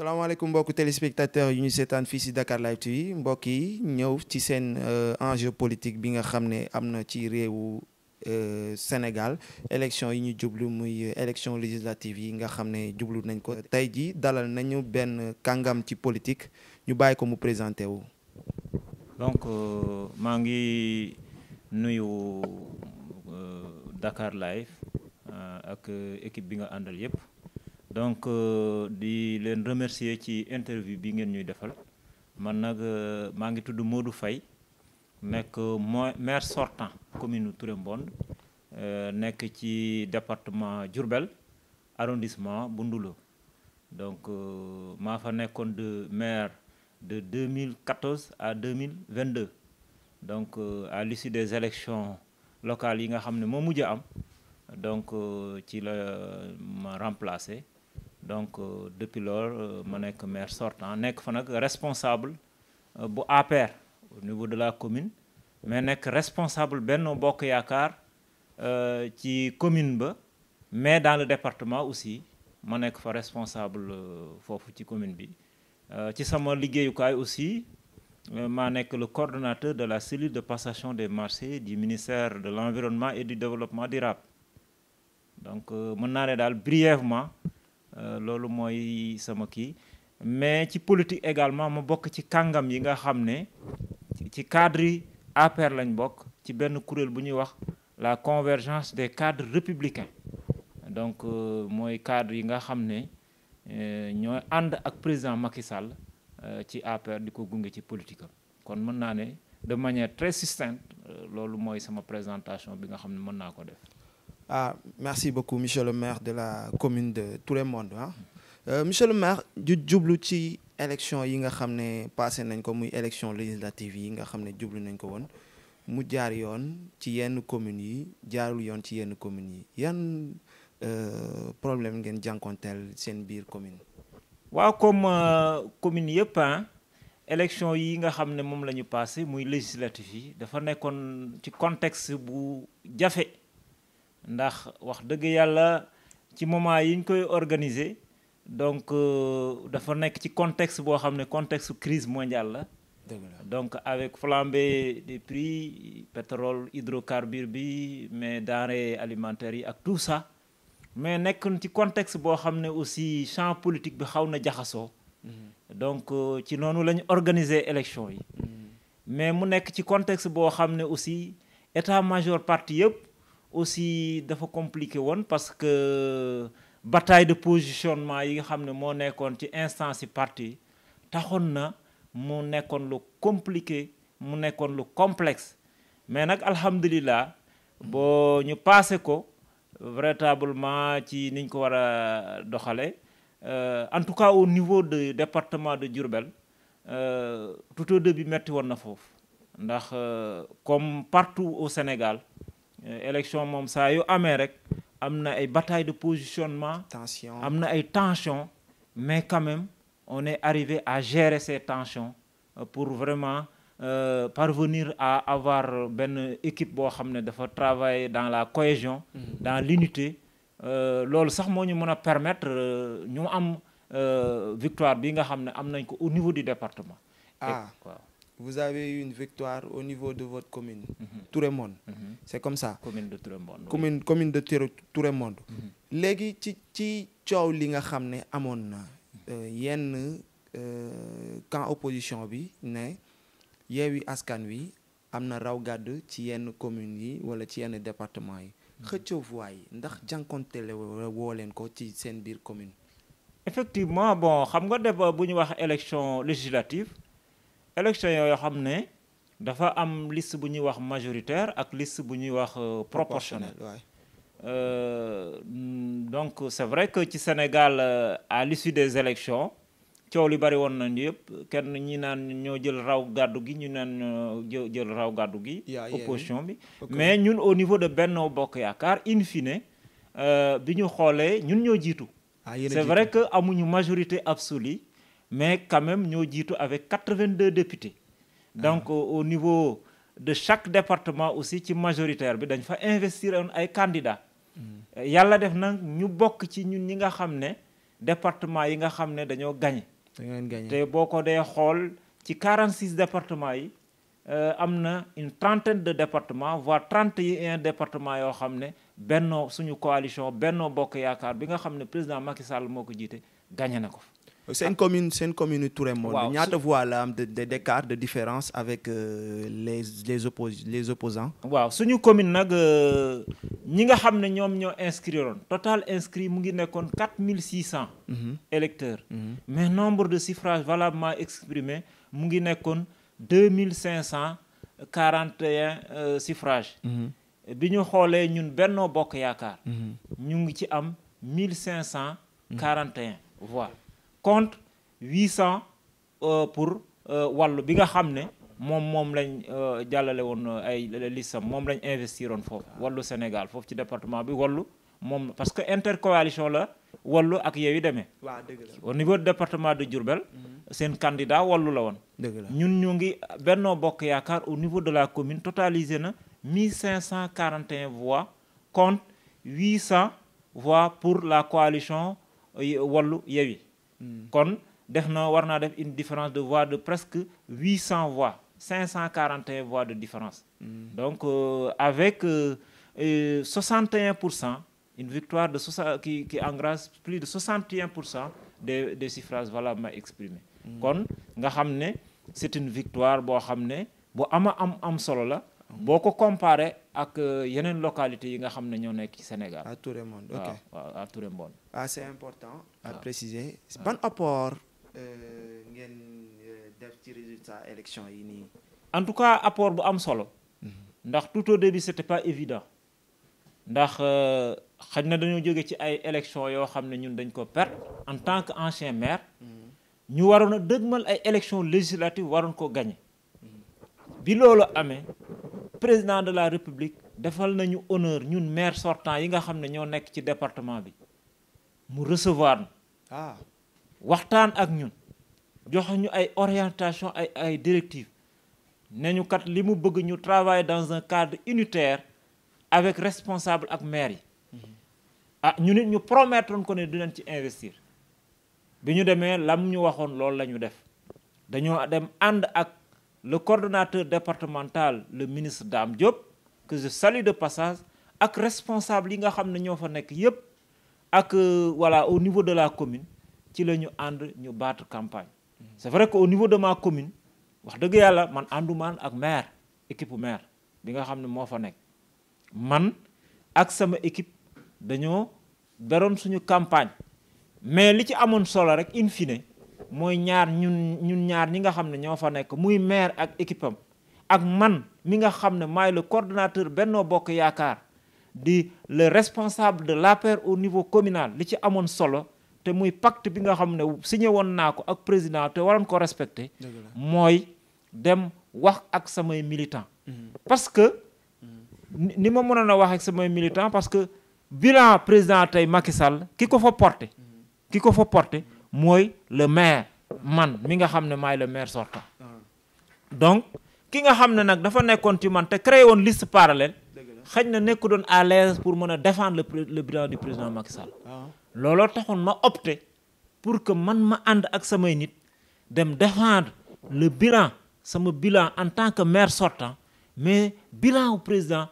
salaamaaleykum mbokk téléspectateur yu ñu seetaan fii si Dakar Live TV mbokk yi ñëw ci seen euh, enjeu politique bi nga xam ne am na ci réewu euh, Sénégal élection yi ñu jublu muy euh, élection législative yi nga xam ne jublu nañ ko tey jii dalal nañu benn kàngam ci politique ñu bàyyi ko mu présenté wu. donc maa ngi nuyu Dakar Live ak équipe bi nga àndal yëpp. donc euh, di leen remercier ci interview bi ngeen ñuy defal man nag euh, maa ngi tudd du Faye nekk mooy maire sortant commune Touré Mbonde euh, nekk ci département Diourbel arrondissement bu Ndoulo donc maa fa nekkoon de maire de 2014 à deux donc à l'issue des élections locales yi nga xam ne moo mujj am donc ci la ma remplacer donc euh, depuis lors euh, ma nekk maire sortant nekk fa nag responsable euh, bu APR au niveau de la commune mais nekk responsable benn Bokk Yaakaar ci commune ba mais daal le département aussi ma nekk fa responsable foofu ci commune bi ci sama liggéeyukaay aussi maa nekk le coordonnateur de la cellule de passation des marchés du ministère de l'environnement et du développement durable donc mën naa ne daal brièvement Euh, loolu mooy sama kii mais ci politique également ma bokk ci kàngam yi nga xam ne ci cadre APR lañ bokk ci benn kuréel bu ñuy wax la convergence des cadres républicains donc euh, mooy cadre yi nga xam ne euh, ñooy ànd ak président Macky ci APR di ko gunge ci politique kon mën naa ne de manière très succincte loolu mooy sama présentation bi nga xam ne mën naa ko def ah merci beaucoup monsieur le maire de la commune de Tourémonde ah euh, monsieur le maire ju jublu ci élection yi nga xam ne passé nañ ko muy élection législative yi nga xam ne jublu nañ ko woon mu jaar yoon ci yenn communes yi jaarul yoon ci yenn communes yi yan euh, problème ngeen jànkonteel seen biir commune. waaw comme euh, yëpp ah élection yi nga xam ne moom la ñu passé muy législative yi dafa nekkoon ci contexte bu jafe. ndax wax dëgg yàlla ci moment yi ñu koy organiser donc euh, dafa nekk ci contexte boo xam ne contexte crise mondiale la donc avec flambée des prix pétrole hydrocarbures bi mais denrées alimentaire yi ak tout ça mais nekk ci contexte boo xam ne aussi champ politique bi xaw na jaxasoo mm-hmm. donc euh, ci noonu lañu ñu organiser élection yi mm-hmm. mais mu nekk ci contexte boo xam ne aussi état major parti yëpp aussi dafa compliqué woon parce que bataille de positionnement yi nga xam ne moo nekkoon ci instance yi parti taxoon na mu nekkoon lu compliqué mu nekkoon lu complexe mais nag alhamdulilah boo ñu passé ko véritablement ci niñ ko war a doxale euh, en tout cas au niveau de département de Diourbel euh, tout au début metti woon na foofu ndax euh, comme partout au Sénégal Euh, élection moom saa yu amee rek am na ay bataille de positionnement. tension am na ay tension mais quand même on es arrivé à gérer ces tensions euh, pour vraiment euh, parvenir à avoir benn équipe boo xam ne dafa travailler dans la cohésion. Mm -hmm. dans l'unité euh, loolu sax moo ñu mën a permettre ñu am victoire bii nga xam ne am nañ ko au niveau du département. ah vous avez eu une victoire au niveau de votre commune. Mhm. Mhm. Tourémonde. Mhm. c'est comme ça. commune de Tourémonde. commune commune de Tourémonde. léegi ci ci coow li nga xam ne amoon na euh, yenn euh, camp opposition bi ne Yewwi Askan Wi am na raw gàdd ci yenn communes yi wala ci yenn département yi. xëccoo voix yi ndax jànkontele woo leen ko ci seen biir commune. effectivement bon xam nga def bu ñu wax élection législative. élection yoo xam ne dafa am liste bu ñuy wax majoritaire ak liste bu ñuy wax euh, proportionnelle euh, mm, donc c'est vrai que ci Sénégal euh, à l'issue des élections coow li bari woon nañu yëpp kenn ñi naan ñoo jël raw gàddu gi ñu naan ñoo jël raw gàddu gi opposition bi mais ñun au niveau de Benno Bokk Yaakaar in fine bi ñu xoolee ñun ñoo jiitu ah, c'est vrai que amuñu majorité absolue mais quand même ñoo jiitu avec 82 députés donc ah. au niveau de chaque département aussi ci majoritaire bi dañ fa investir on ay candidats hmm. eh, yàlla def nag ñu bokk ci ñun ñi nga xam ne département yi nga xam ne dañoo gañe te boo ko dee xool ci 46 départements yi euh, am na une trentaine de départements voire 31 départements yoo xam ne bennoo suñu coalition bennoo bokk yaakaar bi nga xam ne président Macky Sall moo ko jiite gañe na ko seen commune seen commune Touré Monde ñaata voix la am de d'écart de différence avec euh, les les oppos les opposants waaw suñu commune nag euh, ñi nga xam ne ñoom ñoo inscriroon total inscrit mu ngi nekkoon quatre mille six cent mhm. électeurs mhm. mais nombre de suffrages valablement exprimés mu ngi nekkoon deux mille cinq cent quarante et un euh, mhm. bi ñu xoolee ñun Benno Bokk Yaakaar ñu ngi ci am mille cinq cent quarante contre euh, 800 pour euh, wàllu bi nga xam ne moom moom lañ euh, jàllale woon ay listam moom lañ investir investiroon foofu wàllu Sénégal foofu ci département bi wàllu moom parce que intercoalition la wàllu ak Yewwi demee waaw dëgg au niveau département de jurbel mm-hmm. seen candidat wàllu la woon ñun ñu ngi Benno Bokk Yaakaar au niveau de la commune totalisé na 1541 voix contre 800 voix pour la coalition wallu Yewwi Mm. kon def na war naa def une différence de voix de presque 800 voix 541 voix de différence mm. donc euh, avec 61 euh, pour cent une victoire de soixante qui qui engrâce plus de 61 pour cent de des suffrages ma exprimés mm. kon nga xam ne c'est une victoire boo xam ne bu ama am am solo la boo ko comparé ak euh, yeneen localités yi nga xam ne ñoo nekk ci Sénégal. à Touré Monde ok waaw à Touré Monde. ah c'est important à ban apport euh, ngeen euh, def ci résultat élection yi nii. en tout cas apport bu am solo. Mm-hmm. ndax tout au début c'était pas évident. ndax xañ na dañoo jóge ci ay élections yoo xam ne ñun dañ ko per en tant que ancien maire. Mm-hmm. ñu waroon a dëgmal ay élections législatives waroon ko gagner. bi loolu amee président de la république defal nañu honneur ñun maire sortant yi nga xam ne ñoo nekk ci département bi mu recevoir nu ah waxtaan ak ñun jox ñu ay orientation ay ay directives nañu kat li mu bëgg ñu travailler dans un cadre unitaire avec responsable ak maire yi mhm. ah ñu nit ñu promettoon ko ne dinañ ci investir bi ñu demee lam ñu waxoon loolu la ñu def dañoo dem ànd ak le coordonnateur départemental le ministre Dame Diop que je salue de passage ak responsable yi nga xam ne ñoo fa nekk yépp ak euh, voilà au niveau de la commune ci la ñu ànd ñu battre campagne. Mm-hmm. c'est vrai que au niveau de ma commune wax dëgg yàlla man àndumaan ak maire équipe maire bi nga xam ne moo fa nekk man ak sama équipe dañoo beroon suñu campagne mais li ci amoon solo rek in mooy ñaar ñun ñun ñaar ñi nga xam ne ñoo fa nekk muy maire ak équipe ak man mi nga xam ne maay la coordonnateur Benno Bokk Yaakaar di le responsable de l'APR au niveau communal li ci amoon solo te muy pacte bi nga xam ne signé woon naa ko ak président te waroon ko respecté mooy dem wax ak samay militant mhm. parce que ni ma mënoon a wax samay militant parce que bilan président tey Macky Sall ki ko fa porté mhm. ki ko fa porté mooy le maire man mi nga xam ne maay le maire sortant donc ki nga xam ne nag dafa nekkoon ci man te créé woon liste parallèle xëy na nekku doon à l'aise pour mën a défendre le bilan du président Macky looloo taxoon ma opté pour que man ma ànd ak samay nit dem défendre le bilan sama bilan en tant que maire sortant mais bilan wu président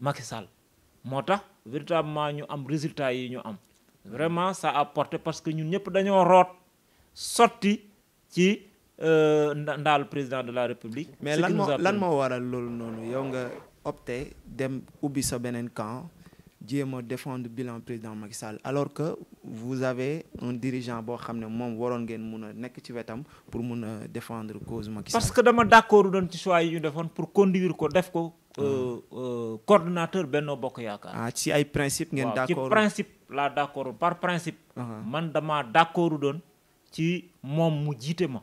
Macky moo tax véritablement ñu am résultat yi ñu am vraiment ça apporte parce que ñun ñëpp dañoo root sotti ci euh, ndaal président de la république. mais lan moo lan moo waral loolu noonu yow nga opté dem ubbi sa beneen camp. jéem a défendre bilan président Macky alors que vous avez un dirigeant boo xam ne moom waroon ngeen mun a nekk ci wetam pour mun a défendre cause Macky Sall. parce que dama d'accord doon ci choix yi ñu defoon pour conduire ko def ko. Euh, hmm. euh, coordonnateur Benno Bokk Yaakaar. ah ci ay principe ngeen d'accord ci principe laa d'accord par principe. Uh-huh. man dama d'accord doon ci moom mu jiite ma.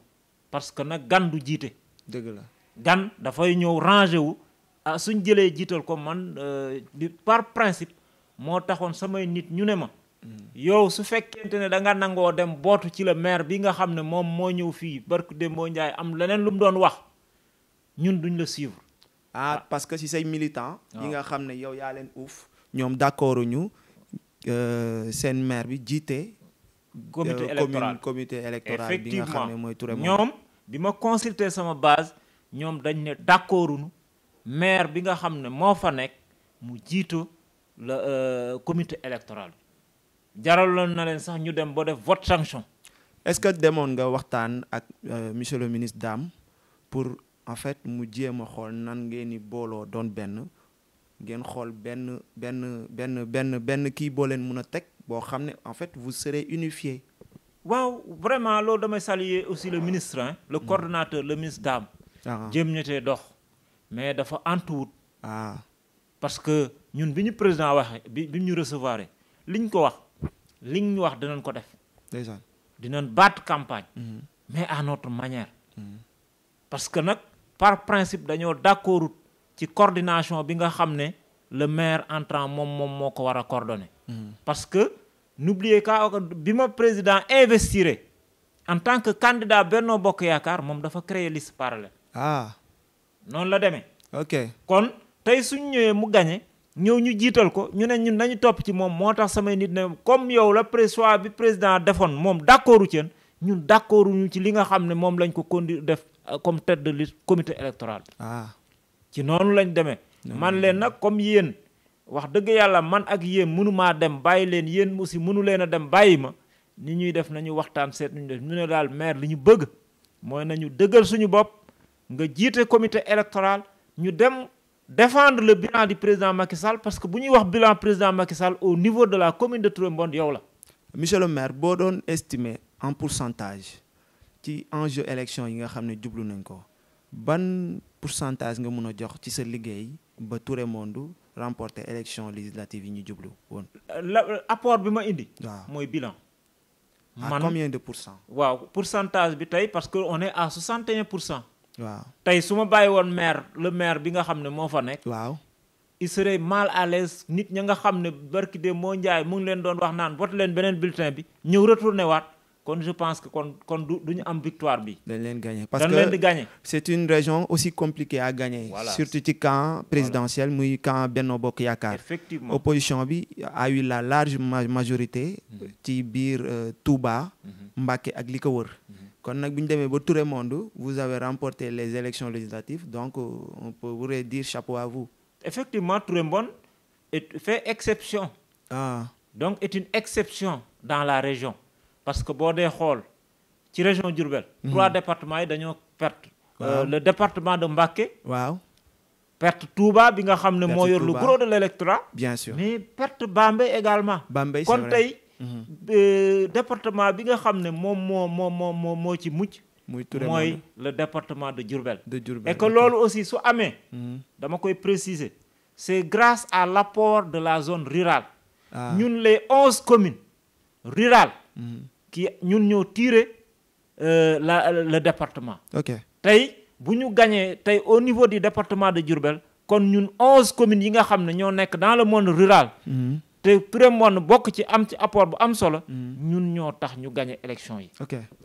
parce que nag gan du jiite. dëgg la gan dafay ñëw ranger wu ah suñ jëlee jiital ko man euh, par principe. moo taxoon samay nit ñu ne ma hmm. yow su fekkente ne da nga nangoo dem bootu ci la maire bi nga xam ne moom moo ñëw fii barku Dembo Ndiaye am leneen lu mu doon wax ñun duñ la suivre. ah, ah. parce que si say militant yi ah. nga xam ne yow yaa leen uuf. ñoom d'accord ñu euh, seen maire bi jiite. comité euh, électoral comité bi nga xam ne mooy Touré bi ma consulter sama base ñoom dañ ne d'accorduñu maire bi nga xam ne moo fa nekk mu jiito le euh, comité électoral bi jaraloon na leen sax ñu dem ba def vote sanction. est-ce que demoon nga waxtaan ak euh, monsieur le ministre pour en fait mu jéem a xool nan ngeen ni booloo doon benn ngeen xool benn benn benn benn benn kii boo leen mën a teg boo xam ne en fait vous serez unifié. waaw vraiment loolu damay saluer aussi le ministre hein, le mm. coordonnateur le ministre daam ah. jéem ñetee dox mais dafa antuwut. ah parce que ñun bi ñu président waxee bi bi ñu recevoir liñ ko wax liñ ñu wax dinañ ko def. dèjà dinañ baat campagne. Mhm. mais à notre manière. Mhm. parce que nag par principe dañoo d'accord ci coordination bi nga xam ne le maire entrant moom moom moo ko war a coordonner. Mhm. parce que n'oubliez pas bi ma président investir en tant que candidat Benno Bokk Yaakaar moom dafa créer liste parallèle. ah. noonu la demee. ok kon. tey suñ ñëwee mu gañe ñëw ñu jiital ko ñu ne ñun nañu topp ci moom moo tax samay nit ne comme yow la présoir bi président defoon moom d'accordu ci ñun d'accordu ñu ci li nga xam ne moom lañ ko conduire def euh, comme tête de liste comité électoral bi ah. ci noonu lañ demee man leen nag comme yéen wax dëgg yàlla man ak yéen mënumaa dem bàyyi leen yéen aussi mënu leen a dem bàyyi ma ni ñuy def nañu waxtaan seet ñu def ñu ne daal maire li ñu bëgg mooy nañu dëggal suñu bopp nga jiite défendre le bilan du président Macky Sall parce que bu ñuy wax bilan président Macky Sall au niveau de la commune de Touré Mbonde yow la. monsieur le maire boo doon estimer en pourcentage ci enjeu élection yi nga xam ne jublu nañ ko ban pourcentage nga mun a jox ci sa liggéey ba Touré Mbonde remporter élection législative yi ñu jublu woon. apport bi ma indi. waaw mooy bilan. man à combien de pour cent. waaw pourcentage bi tey parce que on est à 61 pour cent. waaw tey su ma bàyyi woon maire le maire bi nga xam ne moo fa nekk. waaw il serait mal à l'aise nit ña nga xam ne barki de moo njaay mu ngi leen doon wax naan vote leen beneen bulletin bi ñëw retourné waat. kon je pense que kon kon du duñu am victoire bi. dañ leen gagné parce que leen di gagné. c'est une région aussi compliquée à gagner. Voilà. surtout ci camp présidentiel muy camp benn Bokk Yaakaar. effectivement opposition bi a eu la large majorité. Mhm. ci biir euh, Touba. Mhm. Mbacké ak li ko wër. Mhm. kon nag bu ñu demee ba Touré Monde vous avez remporté les élections législatives donc euh, on pourrait dire chapeau à vous. effectivement mbon et fait exception. ah donc est une exception dans la région. parce que boo dee xool ci région Diourbel. Mhm. trois départements yi dañoo perte. Euh, le département de Mbacké. waaw. perte Touba bi nga xam ne moo yor. le gros de l' électorat. bien sûr mais perte Bambey également. Bambey c'est vrai Mm-hmm. Euh, département bi nga xam ne moom moo moo moo moo moo ci mucc mooy le département de Diourbel et que loolu aussi su amee mm-hmm. dama koy préciser c'est grace à l'apport de la zone rurale ah. ñun les onze communes rural mm-hmm. qui ñun ñoo tiré euh, la le département ok tey bu ñu gañee tey au niveau du département de Diourbel kon ñun onze communes yi nga xam ne ñoo nekk dans le monde rural te Birame Wàdd bokk ci am ci apport bu am solo. Mm. ñun ñoo tax ñu gagné élection yi.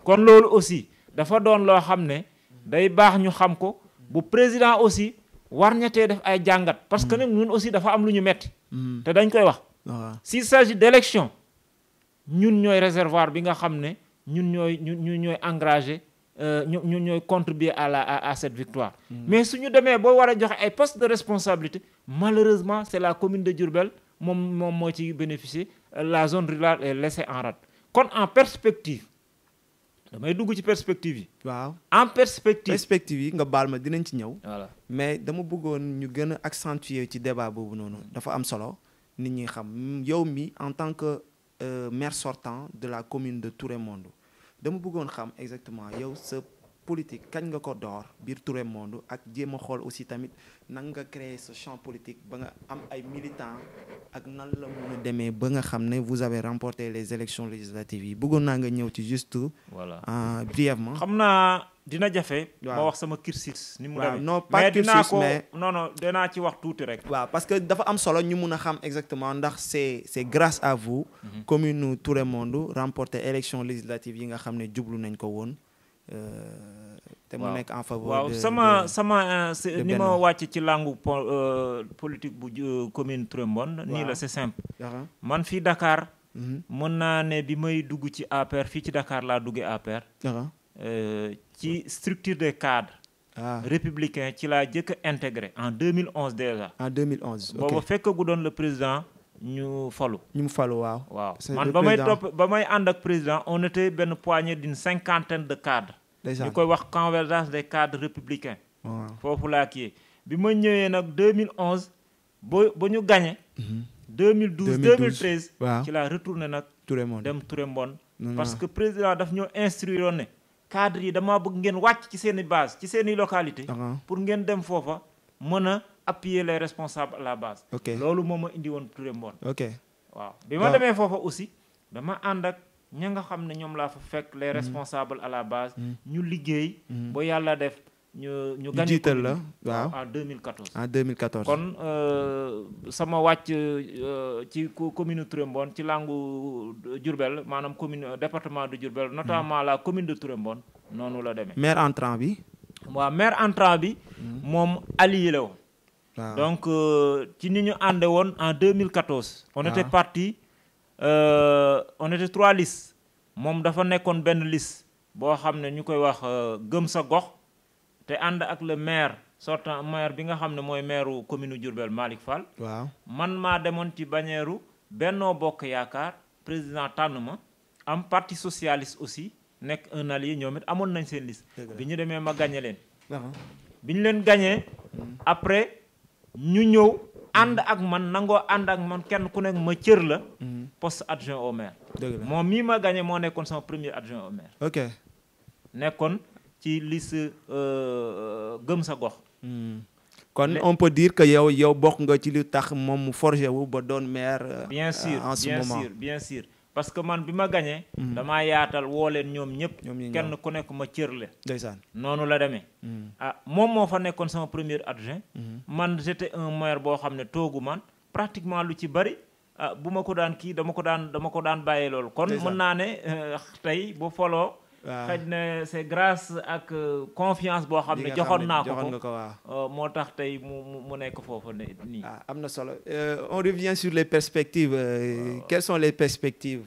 kon loolu aussi dafa doon loo xam ne day baax ñu xam ko bu président aussi war ñettee def ay jàngat. parce que mm. nag ñun aussi dafa am lu ñu metti mm. te dañ koy wax. Ah. s'il s'agit d'élection ñun ñooy réservoir bi nga xam ne ñun ñooy ñun ñooy engagé euh, ñu ñun ñooy contribuer à la à cette victoire. mais ñu demee boo war a joxe ay postes de responsabilité malheureusement c'est la commune de Diourbel. moom moom moo ci bénéficier la zone rurale est laissée en rade kon en perspective damay dugg ci perspective yi. waaw en perspective perspective yi nga baal ma dinañ ci ñëw. mais dama buggoon ñu gën a accentuer ci débat boobu noonu dafa am solo nit ñi xam yow mi en tant que euh, maire sortant de la commune de les Monde dama buggoon xam exactement yow sa politique kañ nga ko door biir Touré Monde ak jéem a xool aussi tamit nan nga créer sa champ politique ba nga am ay militants ak nan la mun a demee ba nga xam ne vous avez remporté les élections législatives yi bëggoon naa nga ñëw ci juste. voilà euh, brièvement. xam naa dina jafe. waaw wax sama cursus. ni mu demee non pas cursus mais non non dinaa ci wax tuuti rek. waa parce que dafa am solo ñu mun a xam exactement ndax c'est c'est grâce à vous. Mhm. commune Touré Monde remporté élection législative yi nga xam ne jublu nañ ko woon. Euh, te nekk en faveur waaw sama sama euh, ni ma wàcc ci langue euh, politique bu commune Trombone nii la c'est simple man fii dakaar mhm. mën naa ne bi may dugg ci APR fii ci dakaar laa duggee APR ci structure de cadres ah républicain ci laa jëkk a intégré en 2011 déjà en 2011 booba fekk gu doon président ñu falu. ñu falu waaw. waaw man ba may topp ba may ànd ak président on était benn poignée cinquante cinquantaine de cadres. ñu koy wax convergence des cadres républicains. foofu laa kii bi ma ñëwee nag 2011 ba ba ñu gagné. 2012 mhm. 2013. waaw ci laa retourné nag. Touré Mbon dem Touré Mbon. parce que président daf ñoo instruire ne. cadres yi damaa bëgg ngeen wàcc ci seen i base ci seen i localité uh-huh. pour ngeen dem foofa mën appuyer les responsables à la base. ok loolu moom ma indi woon Touré ok waaw bi ma demee foofa aussi dama ànd ak ña nga xam ne ñoom laa fa fekk les mm-hmm. responsable à la base. Mm-hmm. ñu liggéey. Mm-hmm. ba yàlla def ñu ñu. gagné jiital la waaw en 2014. en 2014 kon euh, sama wàcc euh, ci commune Touré Mbone ci langu euh, Diourbel maanaam commune département de Diourbel. notamment la commune de Touré Mbone noonu la demee. maire entrant bi. waaw maire entrant bi. moom allié la woon. donc euh, ci ni ñu ànde woon en 2014. on était ah. parti euh, on était trois listes moom dafa nekkoon benn liste boo xam ne ñu koy wax euh, gëm sa gox te ànd ak le maire sortant maire bi nga xam ne mooy maireu commune Diourbel Malick Fall. waaw man maa demoon ci bañeeru Bennoo Bokk Yaakaar président tànn ma am parti socialiste aussi nekk un allié ñoom it amoon nañ seen liste. bi ñu demee ma gagné leen. Ah. bi ñu leen gagné hmm. après. ñu ñëw ànd ak man nangoo ànd ak man kenn ku nekk ma cër la. Mm-hmm. poste adjoint au maire. moom mii ma gagné moo nekkoon sama premier adjoint au maire. ok nekkoon ci liste euh, euh, gëm sa gox. Mm-hmm. kon on peut dire que yow yow bokk nga ci lu tax moom mu forgé wu ba doon maire. Euh, en ce moment bien sûr bien sûr. parce que man bi ma gañee mhm. damaa yaatal woo leen ñoom ñëpp kenn ku nekk ma cër leen ndeysaan noonu la demee mhm. ah moom moo fa nekkoon sama premier adjoint mhm. man j'étais un maire boo xam ne toogu man pratiquement lu ci bari ah, bu ma ko daan kii dama ko daan dama ko daan bàyyee loolu kon mën naa ne euh, tey bu foloo xëy na c'est grâce ak euh, confiance boo xam ne joxoon naa ko ko waaw euh, moo tax tey mu mu nekk foofu ne nii ah am na solo euh, on revient sur les perspectives quelles sont les perspectives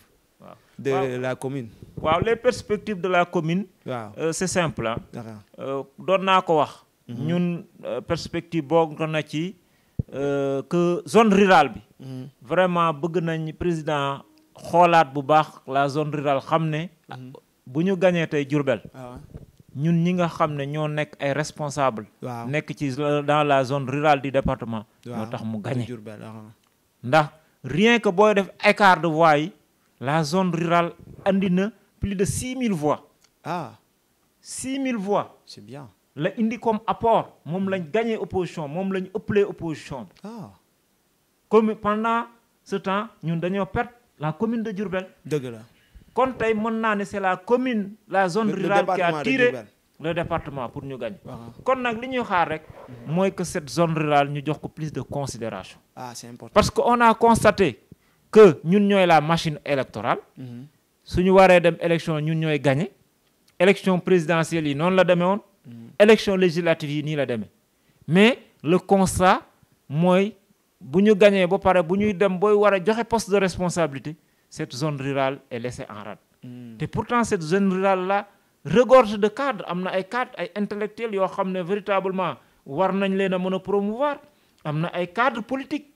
de la commune waaw les perspectives de la commune waaw c'est simple ah, ah. doon naa ko wax mhm. ñun perspective bokk na ci que zone rurale bi mhm. vraiment bëgg nañ président xoolaat bu baax la zone rurale xam ne mhm. bu ñu gañee tey Diourbel ah. ñun ñi nga xam ne ñoo nekk ay responsable nekk ci dans la zone rurale du département moo tax mu gañe ah. ndax rien que booy def écart de voix la zone rurale andi plus de six mille voix ah six mille voix c'est la indi comme apport moom lañ gagné opposition moom lañ ëpple opposition bi ah. comme pendant ce temps ñun dañoo perte la commune de Diourbel dëgg la kon tey mën naa ne c'est la commune la zone rurale qui a tiré le département pour ñu gañ kon nag li ñuy xaar rek mooy que cette zone rurale ñu jox ko plus de considération ah c'est parce que on a constaté que ñun ñooy la machine électorale mhm. suñu waree dem élection ñun ñooy gagné élection présidentielle yi noonu la demee woon mhm. élection législative yi nii la deme mais le constat mooy bu ñu gañee ba pare bu ñuy dem booy war a joxe poste de responsabilité cette zone rurale est laissée en rade. Hmm. te pourtant cette zone rurale là regorge de cadres am na ay cadres ay intellectuels yoo xam ne véritablement war nañ leen a mën a promouvoir am na ay cadres politiques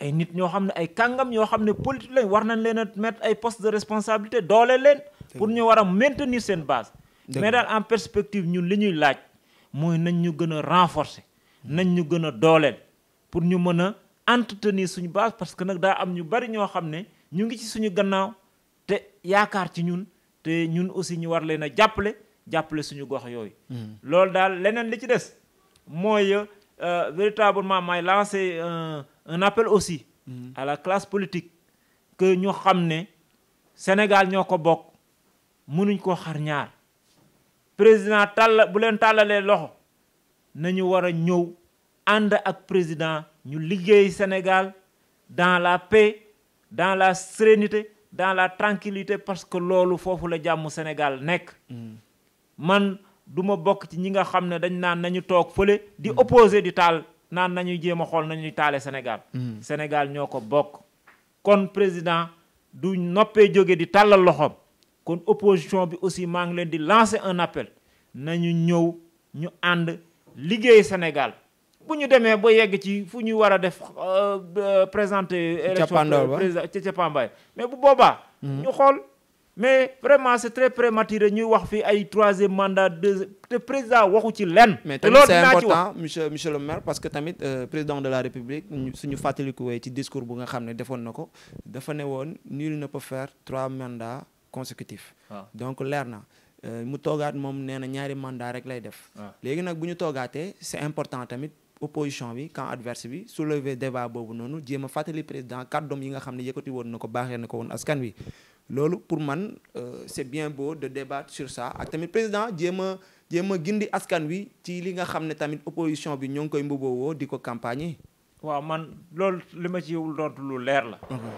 ay nit ñoo xam ne ay kàngam yoo xam ne politique lañ war nañ leen a mettre ay postes de responsabilité doole leen. pour ñu war a maintenir seen base. mais daal en perspective ñun li ñuy laaj mooy nañ ñu gën a renforcer. nañ ñu gën a dooleel pour ñu mën a entretenir suñu base parce que nag daa am ñu bari ñoo xam ne. ñu ngi ci suñu gannaaw te yaakaar ci ñun te ñun aussi ñu war leen a jàppale jàppale suñu gox yooyu. Hmm. loolu daal leneen li ci des mooy euh, véritablement may lancer un appel aussi. Hmm. à la classe politique que ñu xam ne Sénégal ñoo ko bokk mënuñ koo xar ñaar président tàll bu leen tàllalee loxo nañu war a ñëw ànd ak président ñu liggéey Sénégal dans la paix. dans la sérénité dans la tranquillité parce que loolu foofu la jàmm Sénégal nekk man du bokk ci ñi nga xam ne dañ naan nañu toog fële di mm. opposé di taal naan nañuy jéem a xool nañuy taale Sénégal mm. Sénégal ñoo ko bokk kon président du noppee jóge di tàllal loxoom kon opposition bi aussi maa ngi leen di lancer un appel nañu ñëw ñu ànd liggéey Sénégal bu ñu demee ba yegg ci fu ñu war a def euh, euh, présenter élection président ci cappaambaay mais bu boobaa mhm. ñu xool mais vraiment c'est très prématuré ñuy wax fi ay troisième mandat deux te président waxu ci lenn. te loolu c'est important monsieur monsieur le maire parce que tamit euh, président de la république suñu fàttaliku wee ci discours bu nga xam ne defoon na ko dafa ne woon nul ne peut faire trois mandats consécutifs. Ah. donc leer na mu toogaat moom nee na ñaari mandat rek lay def. Ah. léegi nag bu ñu toggaatee c'est important tamit. opposition bi camp adverse bi soulever débat boobu noonu jéem a fàttali président kàddoom yi nga xam ne yëkkati woon na ko baaxee na ko woon askan wi loolu pour man euh, c'est bien boo de débattre sur ça ak tamit président jéem a jéem a gindi askan wi ci li nga xam ne tamit opposition bi ñoo ngi koy mbuboowoo di ko campagne waaw man loolu li ma ci doontu lu leer la mhm.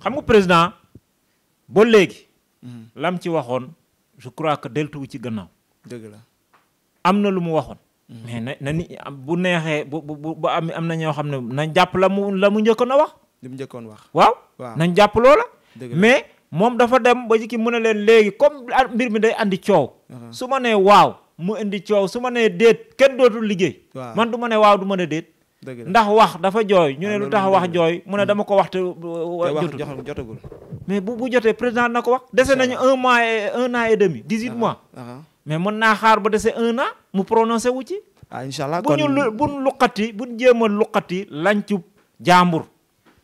xam nga président ba léegi mhm. lam ci waxoon je crois que deltuwu ci gannaaw dëgg la am na lu mu waxoon mais na na ni bu neexee bu bu bu am am na ñoo xam ne nañ jàpp la mu la mu njëkkoon a wax. njëkkoon wax waaw. nañ jàpp loola. mais moom dafa dem ba jikki mu ne leen léegi comme mbir mi day andi coow. Uh-huh. su ma nee waaw mu indi coow su ma nee déet kenn dootul liggéey. man du ma ne waaw du ma ne déet. ndax wax dafa jooy ñu ne ah, lu tax wax jooy mu ne hmm. dama ko wax te jotagul mais bu jotee président na ko wax dese nañu un mois et un an et demi dix huit uh-huh. mois uh-huh. mais mën naa xaar ba dese un na mu prononcé wu ci. ah incha bu ñu bu ñu luqati bu ñu jéem a luqati lancub jàmbur.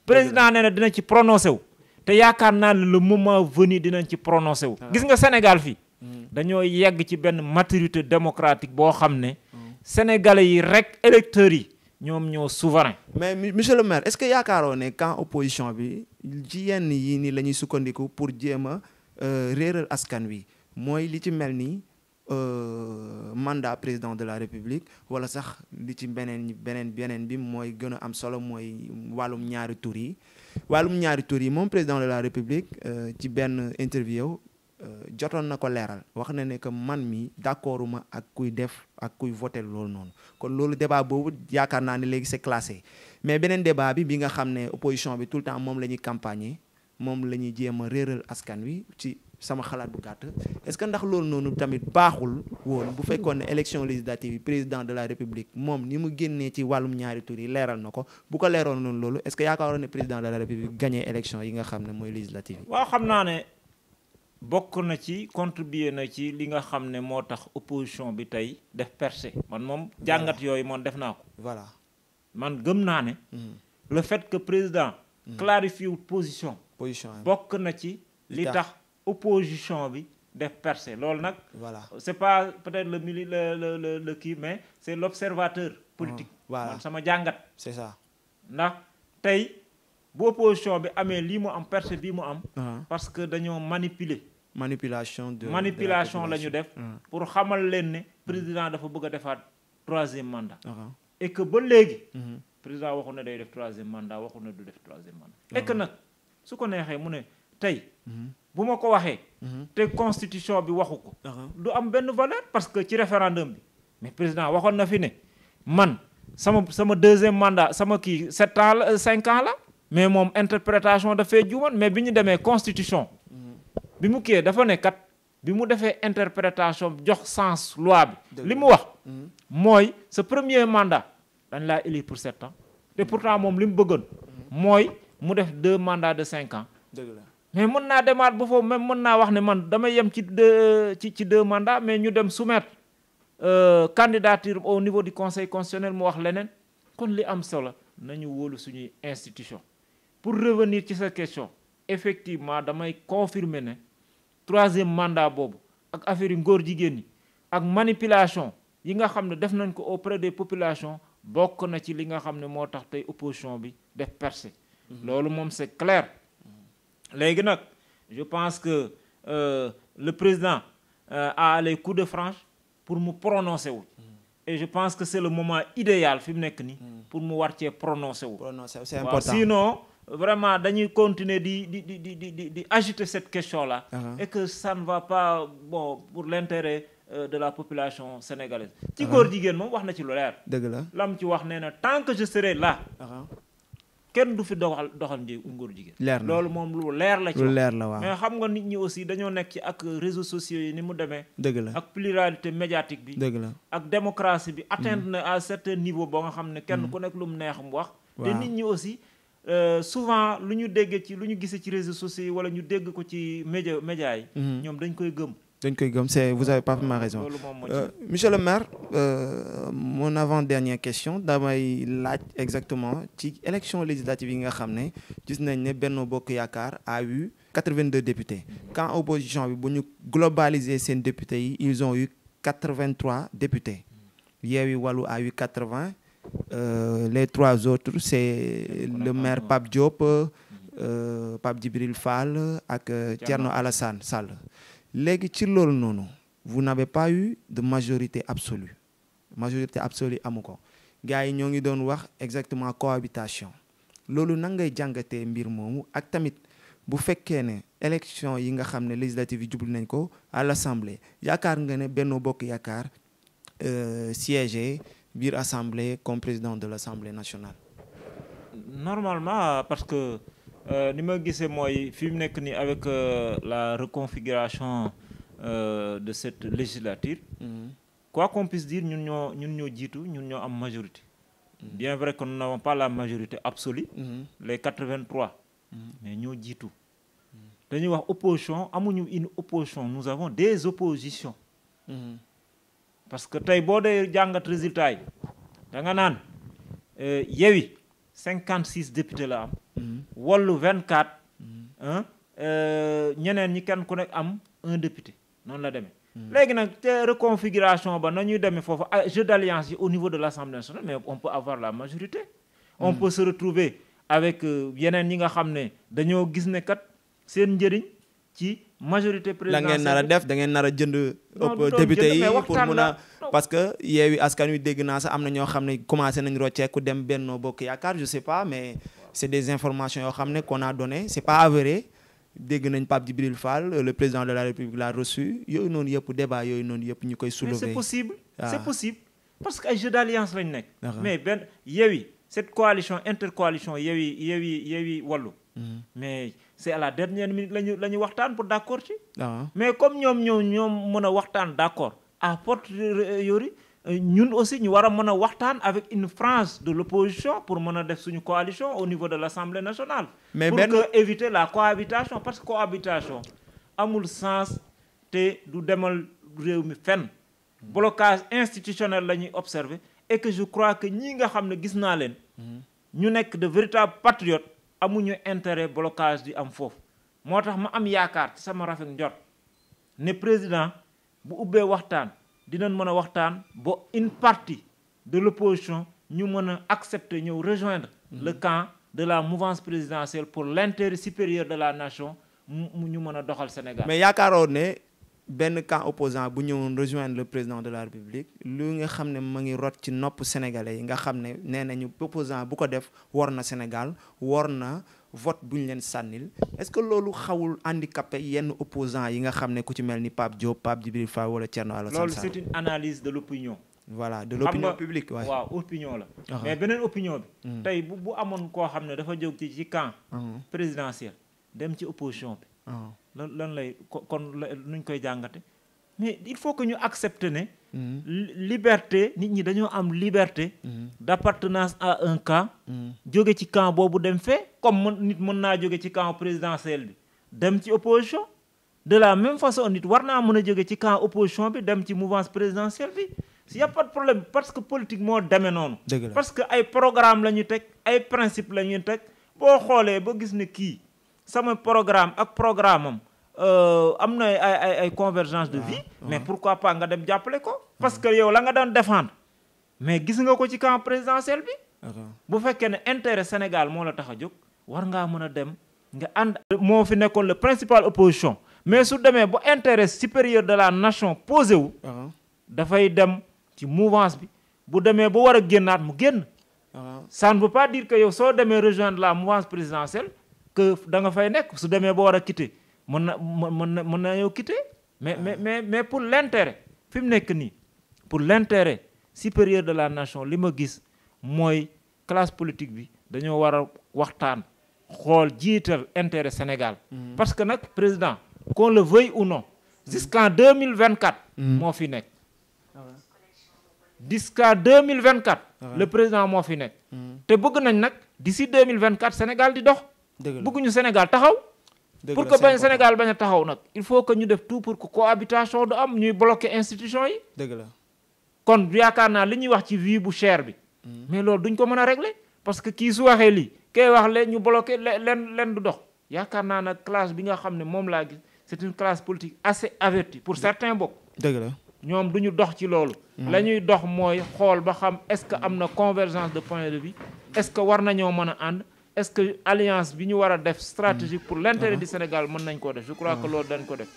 président nee dina ci prononcé wu. te yaakaar naa ne le moment venu dinañ ci prononcé wu. Ah. gis nga Sénégal fii. Hmm. dañoo yegg ci benn maturité démocratique boo xam ne. Hmm. sénégalais yi rek électeurs yi. ñoom ñoo souverain. mais monsieur le maire est-ce que yaakaaroo ne kan opposition bi ci yenn yii nii la ñuy sukkandiku pour jéem a euh, réeral askan wi mooy li ci mel nii Euh, mandat président de la république wala sax li ci beneen beneen beneen bi mooy gën am solo mooy wàllum ñaari tur yi wàllum ñaari tur yi moom président de la république euh, ci benn interview euh, jotoon na ko leeral wax na ne que man mi d'accorduma ak kuy def ak kuy voter loolu noonu kon loolu débat boobu yaakaar naa ne léegi c'est classé mais beneen débat bi bi nga xam ne opposition bi tout le temps moom la ñuy campagner moom la ñuy jéem a réeral askan wi ci sama xalaat bu gàtt est-ce que ndax loolu noonu tamit baaxul woon bu fekkoon ne élection législative yi président de la république moom ni mu génnee ci wàllum ñaari tur yi leeral na ko bu ko leeroon noonu loolu est-ce que yaakaaroon ne président de la république gagné élection yi nga xam ne mooy législative yi. waaw xam naa ne bokk na ci contribuer na ci li nga xam ne moo tax opposition bi tey def percée man moom jàngat yooyu moom def naa ko. voilà man gëm naa ne. Hmm. le fait que président. Hmm. clarifie position. position opposition bi def percée loolu nag. voilà c' est pas peut-être le mili le le le kii mais c' est l' observateur. politique ah, man sama jàngat. c' est ça ndax tey bu opposition bi amee lii mu am percée bii mu am. Ah. parce que dañoo manipuler. manipulation de manipulation la ñu def. Ah. pour xamal leen ne président dafa bëgg a defaat troisième mandat. et ba léegi. Mhm. président waxu na day def troisième mandat waxu na du def troisième nag su ko neexee mu ne. tey mhm. bu ma ko waxee mhm. te constitution bi waxu ko du am benn valeur parce que ci référendum bi mais président waxoon na fi ne man sama sama deuxième mandat sama kii sept ans la euh, la mais moom interprétation dafay juumoon mais bi ñu demee constitution mhm. bi mu kiyee dafa ne kat bi mu defee interprétation jox sens loi bi li mu wax mooy sa première mandat dañ laa élire pour sept ans te pourtant moom li mu bëggoon mooy mu def deux mandats de cinq ans mais mën naa demaat ba foofu même mën naa wax ne man damay yem ci deux ci ci deux mandats mais ñu dem soumettre euh, candidature au niveau du conseil constitutionnel mu wax leneen kon li am solo nañu wóolu suñuy institution pour revenir ci sa question effectivement damay confirmer ne troisième mandat boobu ak affaire yu ngóor jigéen ñi ak manipulation yi nga xam ne def nañ ko auprès des population bokk na ci li nga xam ne moo tax tey opposition bi def percée mhm. loolu moom c'est clair léegi nag je pense que euh, le président euh, a les coups de france pour mu prononcer wu. Hmm. et je pense que c'est le moment idéal fi mu nekk nii. Hmm. pour mu war cee prononcer wu. prononcer c'est important sinon vraiment dañuy continuer di di di di di di agiter cette question la uh-huh. et que ça ne va pas bon pour l'intérêt euh, de la population sénégalaise. Uh-huh. ci góor jigéen moom wax na ci lu leer. dëgg la lam ci wax nee na tant que je serai là. Uh-huh. kenn du fi doxal doxal njëg ngóor jigéen. leer na loolu moom lu leer la ci. lu leer la waaw mais xam nga nit ñi aussi dañoo nekk ci ak réseaux sociaux yi ni mu demee. dëgg la ak pluralité médiatique bi. dëgg la ak démocratie bi. atteindre mm-hmm. na à certain niveau boo nga xam ne kenn mm-hmm. ku nekk lu mu neex mu wax. te nit ñi aussi euh, souvent lu ñu déggee ci lu ñu gisee ci réseaux sociaux yi wala ñu dégg ko ci média média yi. Mm-hmm. ñoom dañ koy gëm. dañ koy gëm c'est vous avez parfaitement raison euh, le maire euh, mon avant-dernière question damay laaj exactement ci élection législative yi nga xam ne gis nañ ne Benno Bokk Yaakaar a eu 82 députés quand opposition bi bu ñu globaliser seen députés yi ils ont eu Wallu a eu 80 euh, les trois autres le maire Pape Diop euh, Pape Djibril Fall ak euh, Thierno Alassane Sall léegi ci loolu noonu vous n'avez pas eu de majorité absolue majorité absolue amu ko gars yi ñoo ngi doon wax exactement cohabitation loolu nangay ngay jàngatee mbir moomu ak tamit bu fekkee ne élection yi nga xam ne législative yi jublu nañ ko à l'assemblée yaakaar nga ne benn Bokk Yaakaar euh, siégé biir assemblée comme président de l'assemblée nationale normalement parce que Euh, ni ma gisee mooy fi mu nekk nii avec euh, la reconfiguration euh, de cette législature mhm. quoi qu'on puisse dire ñun ñoo ñun ñoo jiitu ñun ñoo am majorité mhm. bien vrai que nous n'avons pas la majorité absolue mhm. les 83 mais ñoo jiitu dañuy wax opposition amuñu une opposition nous avons des oppositions parce que tey boo dee jàngat résultat yi da nga naan Yewwi 56 députés la am Mm-hmm. wallu 24. Mm-hmm. Euh, ñeneen ñi kenn ku nekk am un député noonu la demee. Mm-hmm. léegi nag te reconfiguration ba na ñuy demee foofu ah, jeu d'alliance yi au niveau de l'Assemblée nationale mais on peut avoir la majorité. on peut se retrouver avec euh, yeneen ñi nga xam ne dañoo gis ne kat seen njëriñ ci majorité présidentielle la ngeen nar a def da ngeen nar a jënd ëpp député yi pour mun a parce que yeewi askan wi dégg naa sax am na ñoo xam ne commencé nañ rocceeku dem Benno Bokk Yaakaar pas mais c'est des informations yoo xam ne qu'on a donné c'est pas avéré dégg nañ Pape Djibril Fall le président de la République l'a reçu yooyu noonu yëpp débat yooyu noonu yëpp ñu koy soulever mais c'est possible ah. c'est possible parce que jeu d'alliance lañ nekk ah. mais benn Yewwi cette coalition intercoalition Yewwi Yewwi Yewwi Wallu mm-hmm. mais c'est à la dernière minute lañu la ñu waxtaan pour d'accord ci ah. mais comme ñoom ñoo ñoom mën a waxtaan d'accord à porte euh, yori Euh, ñun aussi ñu war a mën a waxtaan avec une France de l'opposition pour mën a def suñu coalition au niveau de l'Assemblée nationale. mais pour que éviter la cohabitation parce que cohabitation amul sens te du demal réew mi fen blocage institutionnel la ñuy observer et que je crois que ñii nga xam ne gis naa leen. ñu nekk de véritables patriotes amuñu intérêt blocage di am foofu. moo tax ma am yaakaar ci sama rafet njort ne président bu ubbee waxtaan. dinañ mën a waxtaan ba une partie de l'opposition ñu mën a accepter ñëw rejoindre mm-hmm. le camp de la mouvance présidentielle pour l'intérêt supérieur de la nation mu ñu mën a doxal Sénégal mais yaakaaroon ne benn camp opposant bu ñëwoon rejoindre le président de la république lu nga xam ne ma ngi rot ci nopp sénégalais yi nga xam ne nee nañu opposant bu ko def war na Sénégal war na vote bu ñu leen sànnil est-ce que loolu xawul handicapé yenn opposant yi nga xam ne ku ci mel ni Pape Diop Pape Djibril faa wala Thierno Alassane loolu c'est une analyse de l'opinion voilà de l'opinion publique waaw waaw opinion la ah mais beneen opinion bi hmm. tey bu bu amoon koo xam ne dafa jóg ci ci camp hmm. dem ci opposition bi ah. lan lan lay kon nuñ koy jàngate mais il faut que ñu accepter ne hmm. liberté nit ñi dañoo am liberté d'appartenance à un camp jóge ci camp boobu dem fee comme nit mën naa jóge ci camp présidentiel bi dem ci opposition de la même façon nit war naa mën a jóge ci camp opposition bi dem ci mouvance présidentielle bi s'il y a pas de problème parce que politique moo demee noonu parce que ay programme la ñu teg ay principe la ñuy teg boo xoolee ba gis ni kii sama programme ak programme am euh, am na ay ay convergence de ah, vie ah. mais pourquoi pas nga dem jàppale ko ah. parce que yow la nga doon défendre mais gis nga ko ci camp présidentiel bu fekkee ne intérêt Sénégal moo la tax a jóg war ngaa mën a dem nga ànd moo fi nekkoon le principal opposition mais su demee ba intérêt supérieur de la nation posé wu uh-huh. dafay dem ci mouvance bi bu demee ba war a génnaat mu génn uh-huh. ça ne veut pas dire que yow soo demee rejoindre la mouvance présidentielle que da fay nekk su demee ba war a quitter mën na mën na mën na yow quitter mais uh-huh. mais mais mais pour l'intérêt fi mu nekk nii pour l'intérêt supérieur de la nation li ma gis mooy classe politique bi dañoo war waxtaan xool jiital intérêt Sénégal. parce que nag président qu'on le veuille ou non. jusqu'en deux mille vingt quatre. Mm. moo fi nekk. jusqu'à deux mille vingt quatre. Ah le président moo fi nekk. Mm. te bëgg nañ nag si deux mille vingt quatre Sénégal di dox. bëgguñu Sénégal taxaw. pour que bañ Sénégal bañ a taxaw nag il faut que ñu def tout pour que cohabitation du am ñuy bloquer institution yi. dëgg la kon yaakaar naa li ñuy wax ci vie bu cher bi. Mm. mais loolu duñ ko mën a régler parce que kay wax le ñu bloqué leen leen du dox yaakaar naa nag classe bi nga xam ne moom laa gis c'est une classe politique assez avertie pour certains bokk. dëgg la ñoom du ñu dox ci loolu. Mm. la ñuy dox mooy xool ba xam est-ce que am na convergence de point de vue est que war nañoo mën a ànd. est-ce que alliance bi ñu war a def stratégique pour l'intérêt mm. du Sénégal mën nañ koo def je crois que mm. loolu dañ ko def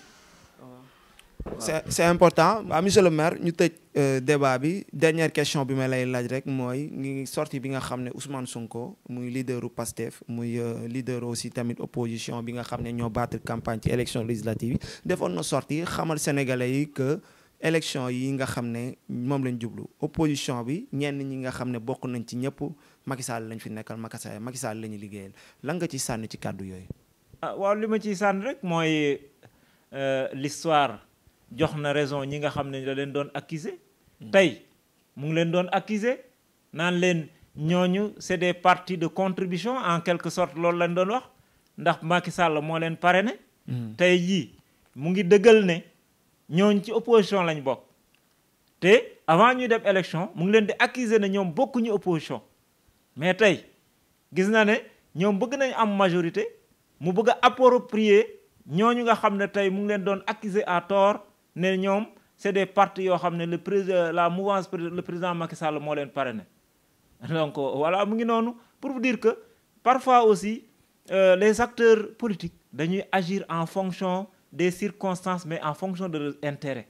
c'est c'est important waaw monsieur le ñu tëj euh, débat bi dernière question bi ma lay laaj rek mooy ngi sorti bi nga xam ne Ousmane Sonko muy leaderu Pastef muy euh, leader aussi tamit opposition bi nga xam ne ñoo battre campagne ci élection législative yi defoon na sorti xamal sénégalais yi que élection yi nga xam ne moom lañ jublu opposition bi ñenn ñi nga xam ne bokk nañ ci ñëpp Macky Sall lañ fi nekkal Macky Sall la ñu liggéeyal lan nga ci sànni ci kàddu yooyu. Ah, waaw li ma ciy sànni jox na raison ñi nga xam ne da leen doon accuser hmm. tey mu ngi leen doon accuser naan leen ñooñu c'est des parties de contribution en quelque sorte loolu lañ doon wax ndax Macky Sall moo leen pare parrainé hmm. tey jii mu ngi dëggal ne ñooñu ci opposition lañ bokk te avant ñuy dem élection mu ngi leen di accuser ne ñoom bokkuñu opposition mais tey gis naa ne ñoom bëgg nañ am majorité mu bëgg a approprier ñooñu nga xam ne tey mu ngi leen doon accuser à tort ne ñoom c'est des partis yoo xam ne le président euh, la mouvance le président Macky Sall moo leen parrainé donc euh, voilà mu ngi noonu pour vous dire que parfois aussi euh, les acteurs politiques dañuy agir en fonction des circonstances mais en fonction de leurs intérêts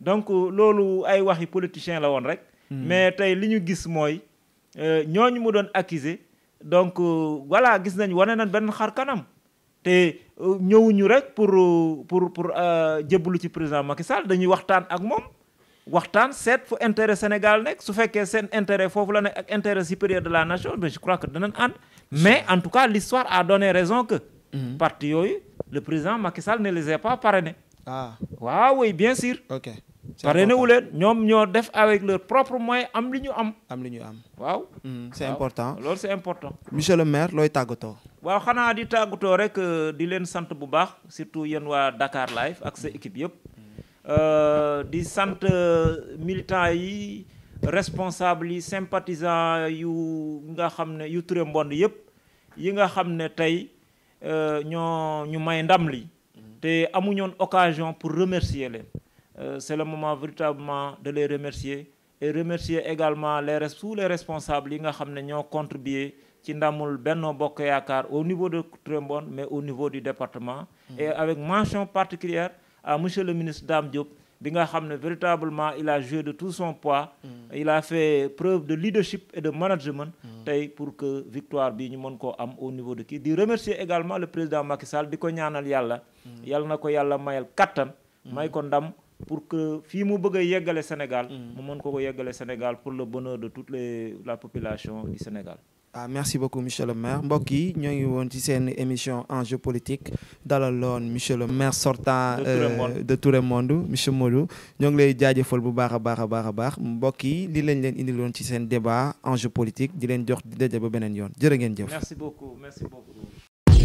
donc euh, loolu ay wax waxi politiciens la woon rek. Hmm. mais tey li ñu gis mooy ñooñu mu doon accuser donc voilà gis nañu wane nañ benn xar kanam. te euh, ñëwuñu rek pour euh, pour pour euh, jébbalu ci président Macky Sall dañuy waxtaan ak moom waxtaan seet fu intérêt Sénégal nekk su fekkee seen intérêt foofu la nekk ak intérêt supérieur de la nation mais je crois que danañ ànd mais en tout cas l'histoire a donné raison que mhm. parti yooyu le président Macky Sall ne les a pas parrainés ah waaw oui bien sûr ok parrainé ne leen ñoom ñoo def avec leur propre moyen am li ñu am. am li ñu am waaw. Mm, c'est important loolu c'est important. monsieur le maire looy tàggatoo. waaw xanaa di tàggatoo rek euh, di leen sant bu baax surtout yéen waa Dakar Live ak sa équipe yëpp. Euh, di sant euh, militant yi responsables yi sympathisants yu nga xam ne yu Touré Mbonde yëpp yi nga xam ne tey ñoo ñu may ndam li mm. te amuñoon occasion pour remercier leen. Euh, c'est le moment véritablement de les remercier et remercier également les tous les responsables yi nga xam ne ñoo contribué ci ndamul Benno Bokk Yaakaar au niveau de Trembone mais au niveau du département mmh. et avec mention particulière à monsieur le ministre Dame Diop bi nga xam ne véritablement il a joué de tout son poids mmh. il a fait preuve de leadership et de management mmh. tey pour que victoire bi ñu mën koo am au niveau de kii di remercier également le président Macky Sall di ko ñaanal yàlla yàlla ko yàlla mayal kattan pour que fii mu bëgg a yeggale Sénégal. Mm-hmm. mu mën ko ko yeggale Sénégal pour le bonheur de toute les la population du Sénégal. ah merci beaucoup monsieur le maire mbokk yi ñoo ngi woon ci seen émission enjeu politique dalaloon monsieur le maire sortant euh, de Touré Monde monsieur Modou ñoo ngi lay jaajëfal bu baax a baax a baax a baax mbokk yi li lañ leen indiloon ci seen débat enjeu politique di leen jox di daje ba beneen yoon jërë ngeen jëf. merci beaucoup merci beaucoup.